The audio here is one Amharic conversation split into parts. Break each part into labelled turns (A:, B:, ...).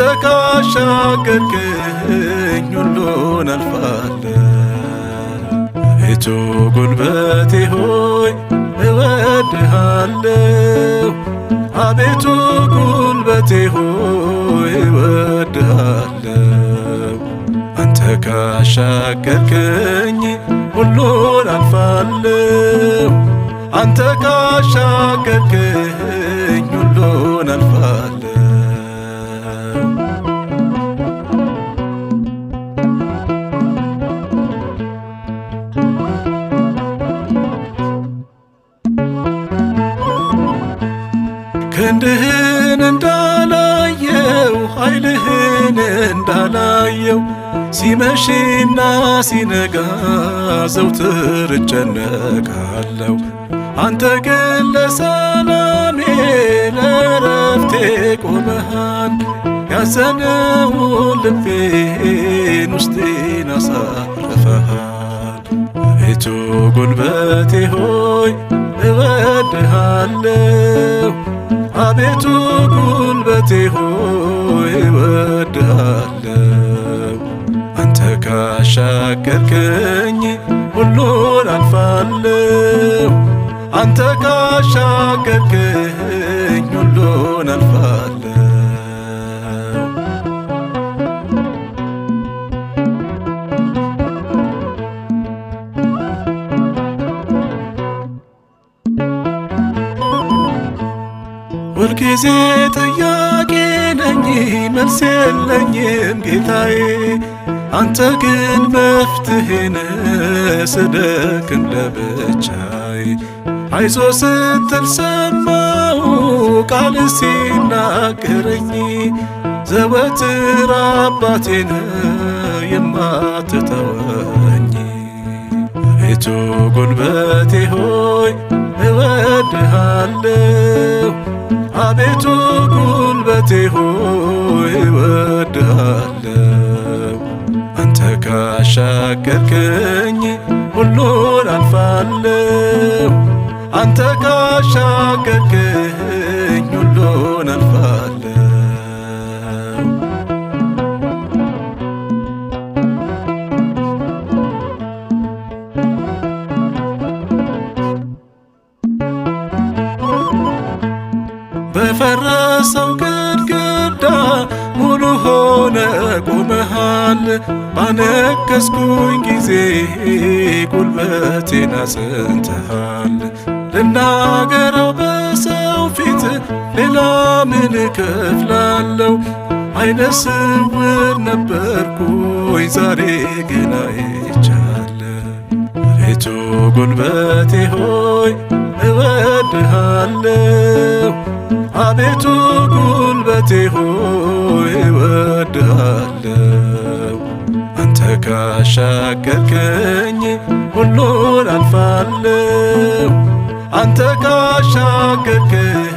A: አንተ ካሻገርከኝ ሁሉን አልፋለሁ። አቤቱ ጉልበቴ ሆይ እወድሃለሁ። አቤቱ ጉልበቴ ሆይ እወድሃለሁ። አንተ ካሻገርከኝ ሁሉን አልፋለሁ። አንተ ካሻገርከኝ ክብርህን እንዳላየው ኃይልህን እንዳላየው ሲመሽና ሲነጋ ዘውትር እጨነቃለሁ። አንተ ግን ለሰላሜ ለረፍቴ ቆመሃል። ያዘነውን ልቤን ውስጤን አሳረፈሃል። አቤቱ ጉልበቴ ሆይ እወድሃለሁ አቤቱ ጉልበቴ ሆይ እወድሃለሁ። አንተ ካሻገርከኝ ሁሉን አልፋለሁ። አንተ ካሻገርከኝ ሁሉን አልፋለሁ። ጊዜ ጥያቄ ነኝ መልስ የለኝም ጌታዬ፣ አንተ ግን መፍትሄን ስደክም ለብቻዬ አይዞ ስትል ሰማው ቃል ሲናገረኝ ዘወትር አባቴን የማትተወኝ ቤቱ ጉልበቴ ሆይ እወድሃለሁ አቤቱ ጉልበቴ ሆይ እወድሃለሁ። አንተ ካሻገርከኝ ሁሉን አልፋለሁ። አንተ ካሻገርከኝ ባነከስኩኝ ጊዜ ጉልበቴን አጽንተሃል። ልናገረው በሰው ፊት ሌላ ምን እከፍላለሁ? አይነ ስውር ነበርኩኝ ዛሬ ግን አይቻለሁ። አቤቱ ጉልበቴ ሆይ እወድሃለሁ። አቤቱ ጉልበቴ ሆይ እወድሃለሁ። ካሻገርከኝ ሁሉን አልፋለሁ አንተ ካሻገርከኝ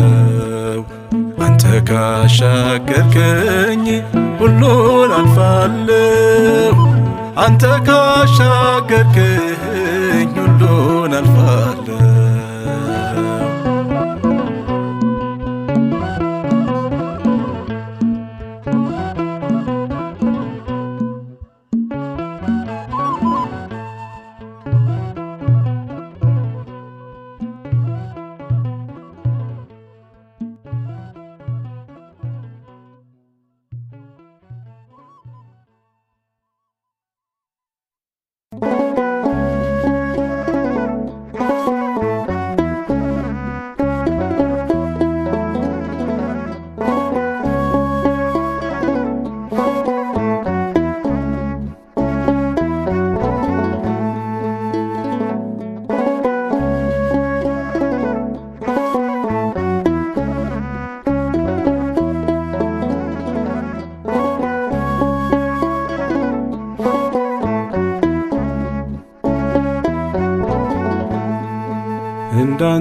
A: አልፋለሁ። አንተ ካሻገርከኝ ሁሉን አልፋለሁ። አንተ ካሻገርከኝ ሁሉን አልፋለሁ።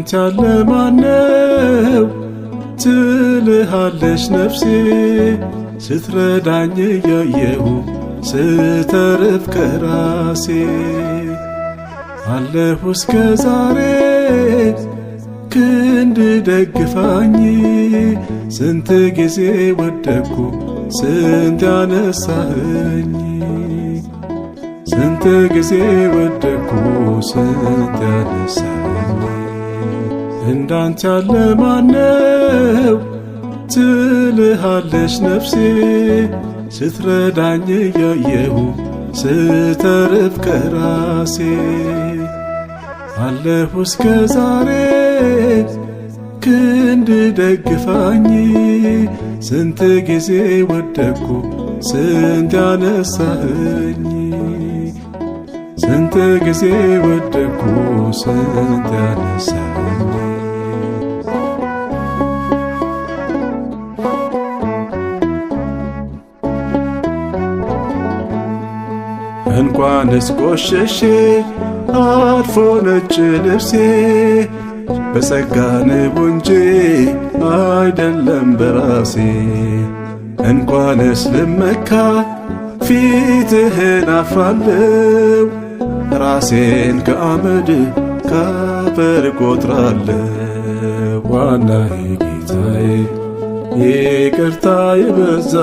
A: እንዳንተ ያለ ማነው ትልሃለች ነፍሴ ስትረዳኝ እያየሁ ስተርፍ ከራሴ አለሁ እስከ ዛሬ ክንድ ደግፋኝ ስንት ጊዜ ወደኩ ስንት ያነሳኸኝ ስንት ጊዜ ወደኩ ስንት ያነሳኸኝ እንዳንተ ያለ ማነው ትልሃለች ነፍሴ ስትረዳኝ እያየሁ ስተርፍ ከራሴ አለሁ እስከ ዛሬ ክንድ ደግፋኝ ስንት ጊዜ ወደኩ ስንት ያነሳኸኝ ስንት ጊዜ ወደኩ ስንት ያነሳኸኝ ዮሐንስ ቆሸሼ አርፎ ነጭ ልብሴ በጸጋ ንቡ እንጂ አይደለም በራሴ እንኳንስ ልመካ ፊትህን አፋለው ራሴን ከአመድ ከአፈር ቆጥራለው። ዋናዬ ጌታዬ ይቅርታ የበዛ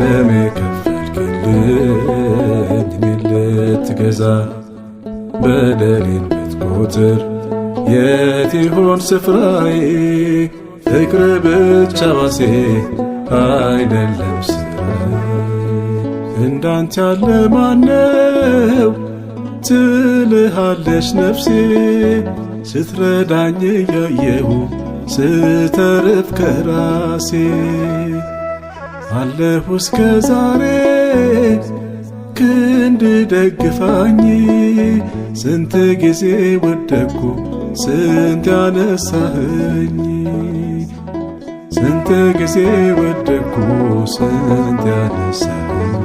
A: ደሜ ከፈልክልኝ ልትገዛ በደሌን ብትቆጥር የት ይሆን ስፍራዬ? ፍቅር ብቻ ባሴ አይደለም ስራዬ። እንዳንተ ያለ ማነው ትልሃለች ነፍሴ ስትረዳኝ እያየሁ ስተርፍ ከራሴ አለሁ እስከ ዛሬ ክንድ ደግፋኝ ስንት ጊዜ ወደኩ ስንት ያነሳኸኝ ስንት ጊዜ ወደኩ ስንት ያነሳኸኝ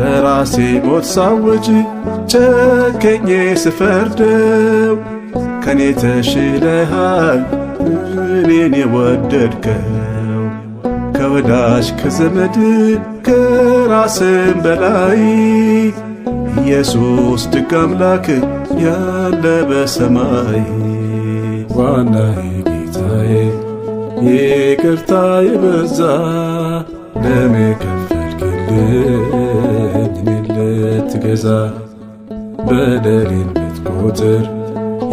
A: ለራሴ ሞት ሳውጅ ጨከኜ ስፈርደው ከኔ ተሽለሃል እኔን የወደድከው ከወዳጅ ከዘመድ ከራስም በላይ ኢየሱስ ድግ አምላክ ያለ በሰማይ ዋናዬ ጌታዬ ይቅርታ የበዛ ደሜ ከፈልክልኝ እኔን ልትገዛ በደሌን ብትቆጥር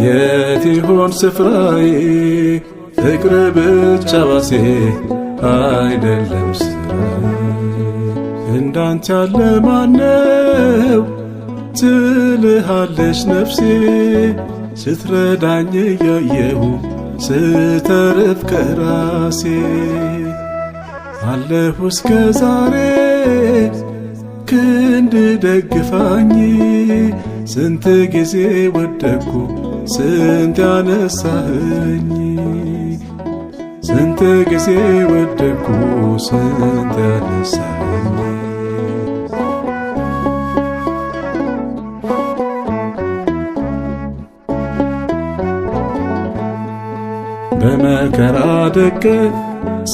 A: የት ይሆን ስፍራዬ? ፍቅር ብቻ ባሴ አይደለም ስራ እንዳንተ ያለ ማነው ትልሃለች ነፍሴ ስትረዳኝ እያየሁ ስተርፍ ከራሴ አለሁ እስከ ዛሬ ክንድ ደግፋኝ ስንት ጊዜ ወደኩ ስንት ያነሳህኝ ስንት ጊዜ ወደኩ ስንት ያነሳህኝ በመከራ ደቀ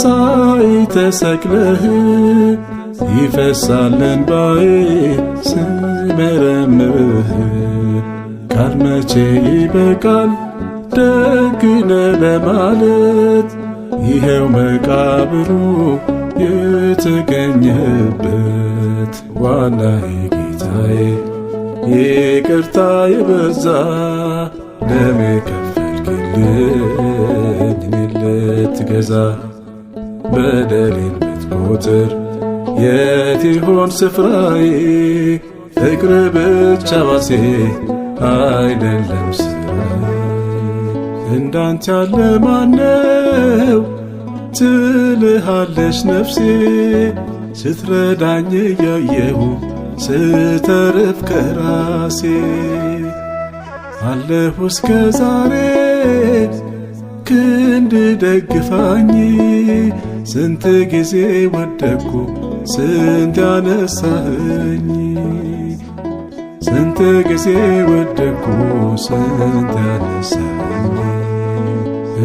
A: ሳይ ተሰቅለህ ይፈሳል እንባዬ ስመረምርህ ቃል መቼ ይበቃል ደግነ ለማለት ይሄው መቃብሩ የተገኘበት ዋና ጌታዬ ይቅርታ የበዛ ደሜ ከፈልክልን ልትገዛ በደሌን ብትቆጥር የት ይሆን ስፍራዬ ፍቅር ብቻ ባሴ አይደለም ስራ ያለ ማነው ትልሃለች ነፍሴ ስትረዳኝ እያየሁ ስተርፍ ከራሴ አለሁ እስከ ዛሬ ክንድ ደግፋኝ ስንት ጊዜ ወደኩ ስንት ያነሳኸኝ ስንት ጊዜ ወደኩ ስንት ያነሳኝ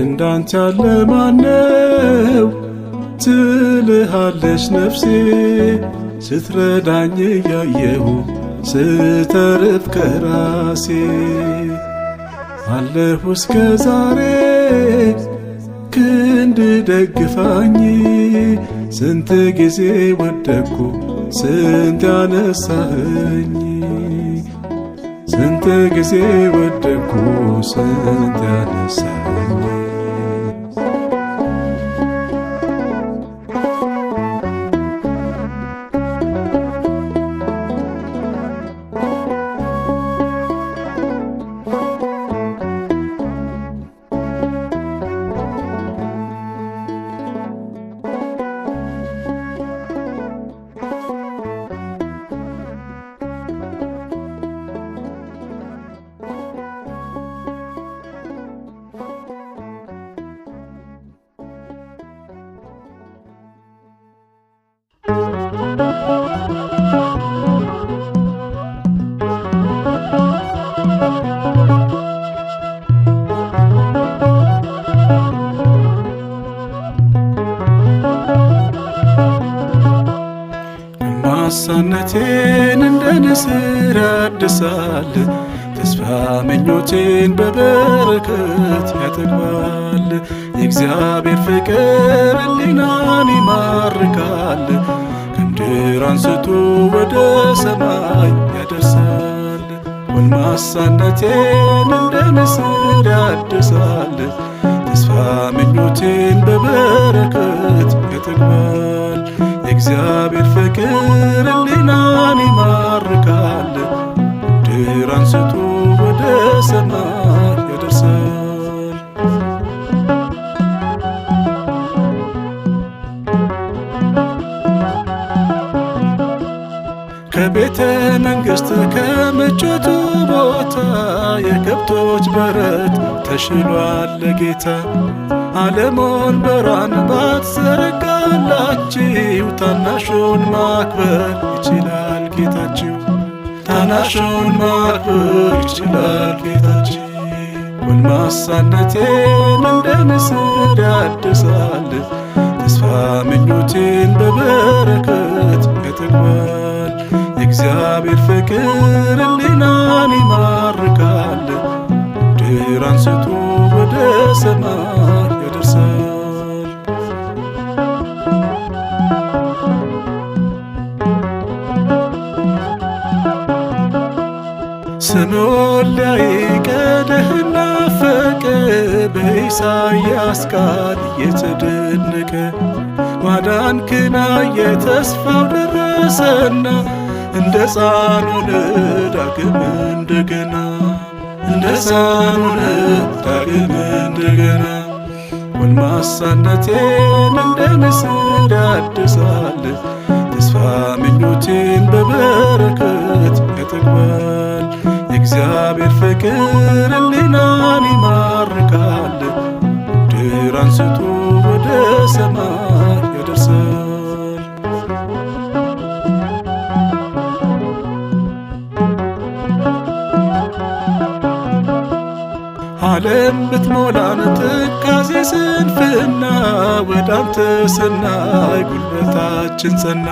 A: እንዳንቺ ያለ ማነው ትልሃለች ነፍሴ ስትረዳኝ እያየሁ ስተርፍ ከራሴ አለሁ እስከ ዛሬ ክንድ ደግፋኝ ስንት ጊዜ ወደኩ ስንት ያነሳኝ! ስንት ጊዜ ወደኩ ስንት ያነሳኝ ያጠግባል። ተስፋ ምኞቴን በበረከት ያጠግባል። የእግዚአብሔር ፍቅር ሕሊናን ይማርካል። ከምድር አንስቶ ወደ ሰማይ ያደርሳል። ጎልማሳነቴ ታናሹን ማክበር ይችላል ጌታችን። ጎልማሳነቴን እንደ ንስር ያድሳለት ተስፋ ምኞቴን በበረከት ያጠግባል። የእግዚአብሔር ፍቅር ሕሊናን ይማርካል፣ ምድር አንስቶ ወደ ሰማይ ያደርሳል። በሞት ላይ ቀደህና ፈቀ በኢሳያስ ቃል የተደነቀ ማዳን ክና የተስፋው ደረሰና እንደ ጻኑን ዳግም እንደገና እንደ ጻኑን ዳግም እንደገና ጎልማሳነቴን እንደ ንስር ያድሳል ተስፋ ምኞቴን በበረከት ያጠግባል። ፍቅር ሕሊናን ይማርካል ድር አንስቶ ወደ ሰማይ ያደርሳል። ዓለም ብትሞላን ትካዜ ስንፍና ወደ ስናይ ጉልበታችን ጸና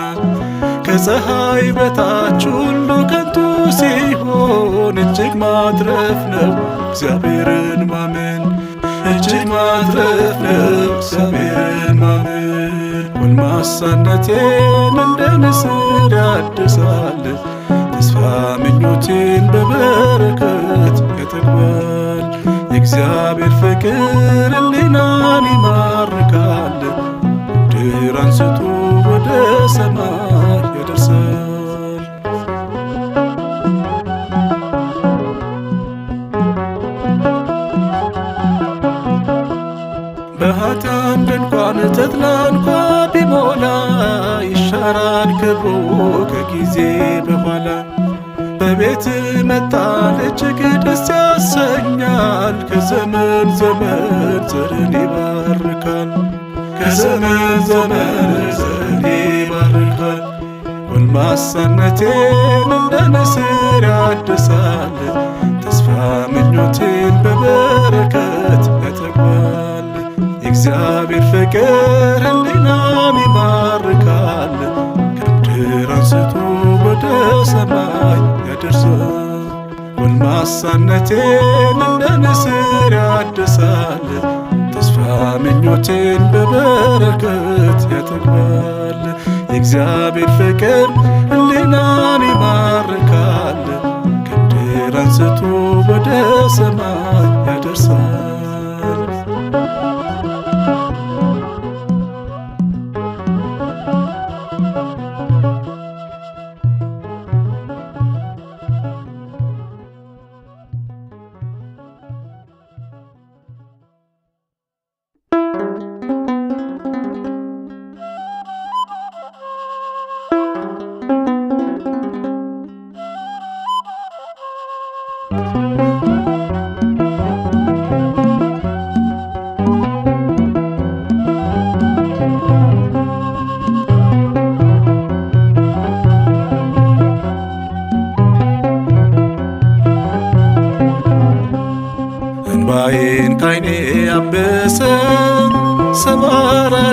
A: ከፀሐይ በታች ሁሉ ከንቱ ሲሆን እጅግ ማትረፍ ነው እግዚአብሔርን ማመን እጅግ ማትረፍ ነው እግዚአብሔርን ማመን። ጎልማሳነቴን እንደ ንስር ያድሳል ተስፋ ምኞቴን በበረከት ያጠግባል። የእግዚአብሔር ፍቅር ሕሊናን ይማርካል ድር አንስቶ ወደ ሰማይ ተከብሮ ከጊዜ በኋላ በቤት መጣለች ደስ ያሰኛል። ከዘመን ዘመን ዘርን ይባርካል። ከዘመን ዘመን ዘርን ይባርካል። ጎልማሳነቴን እንደ ንስር ያድሳል። ተስፋ ምኞቴን በበረከት ያተግባል። የእግዚአብሔር ፍቅር ሰማይ ያደርሳል። ጎልማሳነቴን እንደ ንስር ያድሳል። ተስፋ ምኞቴን በበረከት ያጠግባል። የእግዚአብሔር ፍቅር ሕሊናን ይማርካል። ከምድር አንስቶ ወደ ሰማይ ያደርሳል።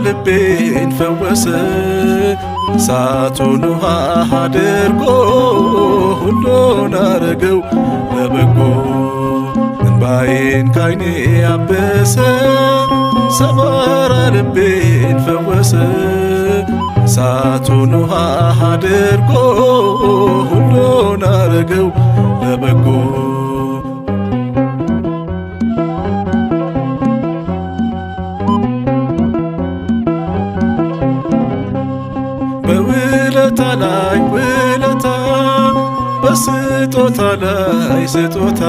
A: ልቤን ፈወሰ እሳቱን ውሃ አድርጎ ሁሉን አረገው ለበጎ እንባዬን ካይኔ አበሰ ሰባራ ልቤን ፈወሰ እሳቱን ውሃ አድርጎ ሁሉን አረገው ለበጎ ውለታ በስጦታ ላይ ስጦታ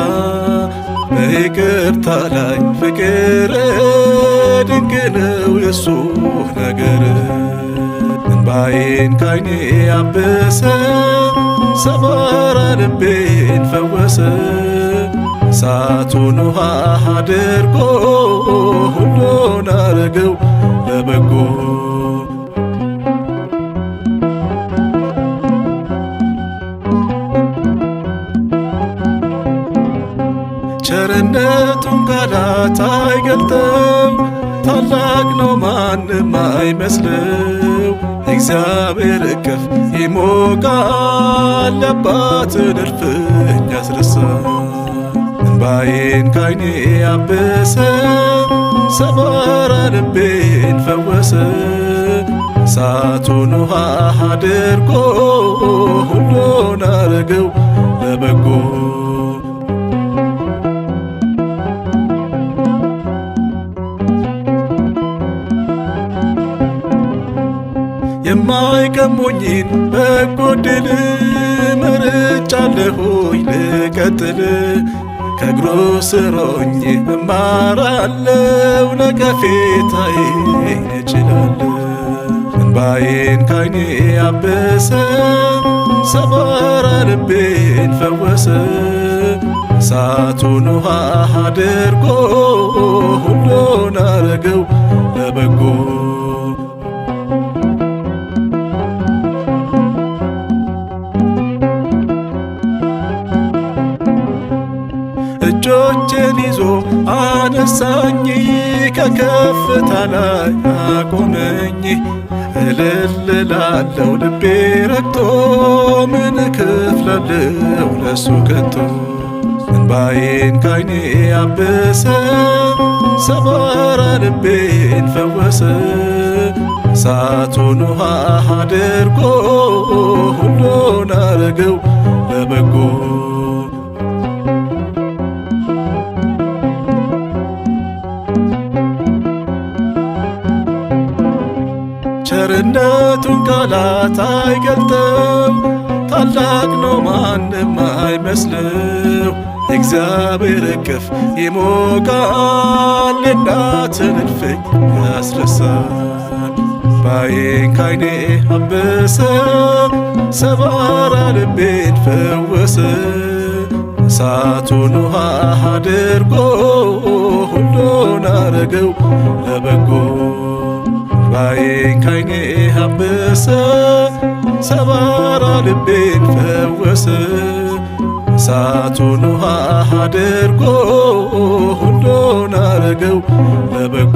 A: በይቅርታ ላይ ፍቅር ድንቅ ነው የሱ ነገር እንባዬን ካይኔ አበሰ ሰባራ ልቤን ፈወሰ እሳቱን ውሃ አድርጎ ሁሉን አረገው ለበጎ ቸርነቱን ቃላት አይገልጥም፣ ታላቅ ነው ማንም አይመስልም። እግዚአብሔር እቅፍ ይሞቃል ያባትን እልፍኝ ያስረሳ። እንባዬን ካይኔ አበሰ ሰባራ ልቤን ፈወሰ። እሳቱን ውሃ አድርጎ ሁሉን አረገው ለበጎ ላይ በጎ ዕድል መርጫለሁኝ ልቀጥል ከእግሩ ስር ሆኜ እማራለሁ ለከፌታዬ እችላለሁ እንባዬን ካይኔ አበሰ ሰባራ ልቤን ፈወሰ እሳቱን ውሃ አድርጎ ሁሉን አረገው አነሳኝ ከከፍታ ላይ አቆመኝ። እልል ልቤ ረክቶ ምን እከፍላለሁ ለሱ ከቶ። እንባዬን ካይኔ አበሰ ሰባራ ልቤን ፈወሰ። እሳቱን ውሃ አድርጎ ሁሉን አረገው ለበጎ የእውነቱን ቃላት አይገልጥም። ታላቅ ነው ማንም አይመስልም። እግዚአብሔር እቅፍ ይሞቃል፣ የእናትን እልፍኝ ያስረሳል። ባይን ካይኔ አበሰ፣ ሰባራ ልቤን ፈወሰ። እሳቱን ውሃ አድርጎ ሁሉን አረገው ለበጎ ባይን ካይኔ አበሰ ሰባራ ልቤን ፈወሰ እሳቱን ውሃ አድርጎ ሁሉን አረገው ለበጎ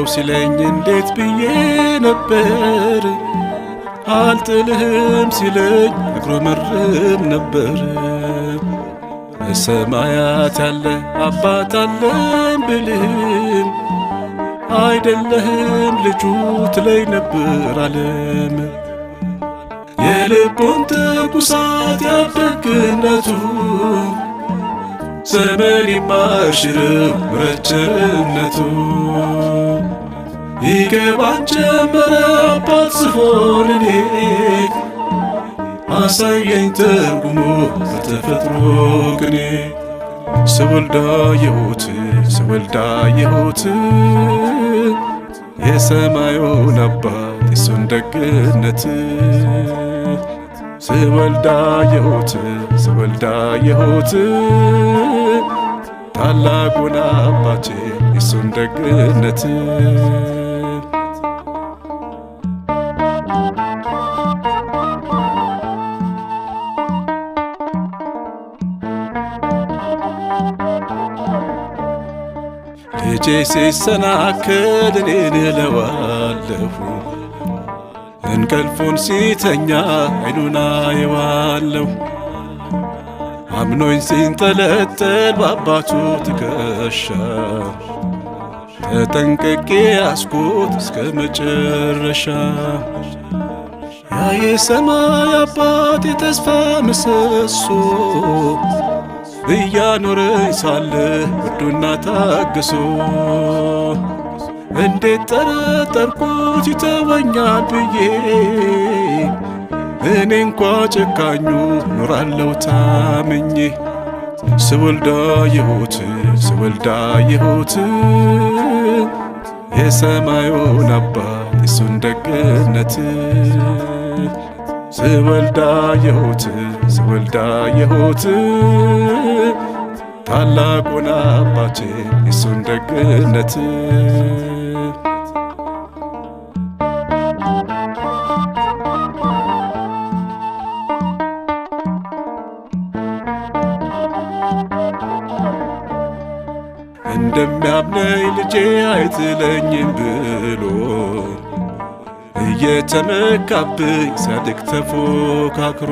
A: ነው ሲለኝ እንዴት ብዬ ነበር አልጥልህም ሲለኝ እግሮመርም ነበር በሰማያት ያለ አባት አለን ብልህም አይደለህም ልጁ ትለይ ነበር አለም የልቡን ትኩሳት ያደግነቱ ዘመን ይማር ሽርም ይገባን ጀመረ አባት ስሆን አሳየኝ ተርጉሙ በተፈጥሮ ቅኔ ስወልዳ ስወልዳ የሰማዩን አባት የሱን ደግነት ስወልዳ ስወልዳ ታላቁን አባቴ የሱን ደግነት ሲሰናክል እኔን እለዋለሁ እንቅልፉን ሲተኛ አይኑና የዋለሁ አምኖኝ ሲንጠለጠል በአባቱ ትከሻ ተጠንቅቄ ያስኩት እስከ መጨረሻ ያ የሰማይ አባት የተስፋ ምሰሶ እያኖረኝ ሳለ ውዱና ታግሶ እንዴት ጠረጠርኩት ይተወኛል ብዬ እኔ እንኳ ጨካኙ ኖራለው ታምኜ ስወልዳ የሆት ስወልዳ የሆት የሰማዩን አባት የሱን ደግነት ስወልዳየሁት ስወልዳየሁት ታላቁን አባችን የሱን ደግነት እንደሚያምነኝ ልጄ አይጥለኝም ብሎ እየተመካብኝ ሲያድግ ተፎካክሮ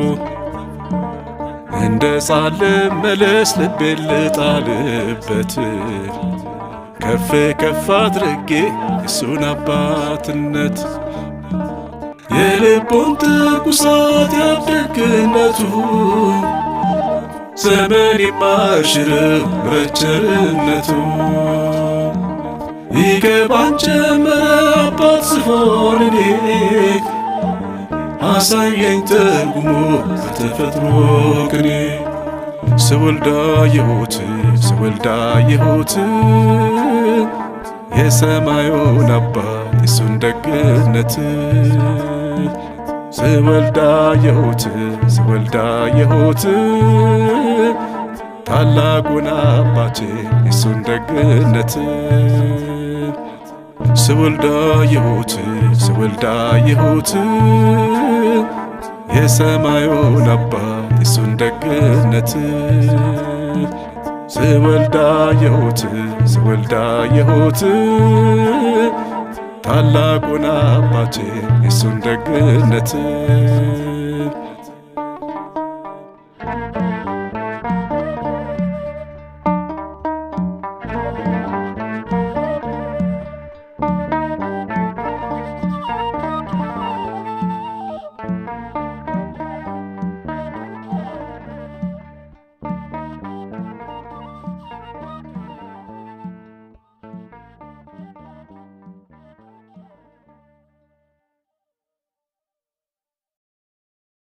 A: እንደ ጻል መለስ ልቤ ልጣልበት ከፍ ከፍ አድርጌ እሱን አባትነት የልቡን ትኩሳት ያደግነቱ ዘመን የማሽረው ረቸርነቱ ቢገባን ጀምረ አባት ስሆን እኔ አሳየኝ ትርጉሙ በተፈጥሮ ስወልዳ ስወልዳ የሰማዩን አባት የሱን ደግነት ስወልዳ ስወልዳ ታላቁን አባቴ የሱን ደግነት ስወልዳ የሁት ስወልዳ የሁት የሰማዩን አባት የሱን ደግነት ስወልዳ የሁት ስወልዳ የሁት ታላቁን አባቴ የሱን ደግነት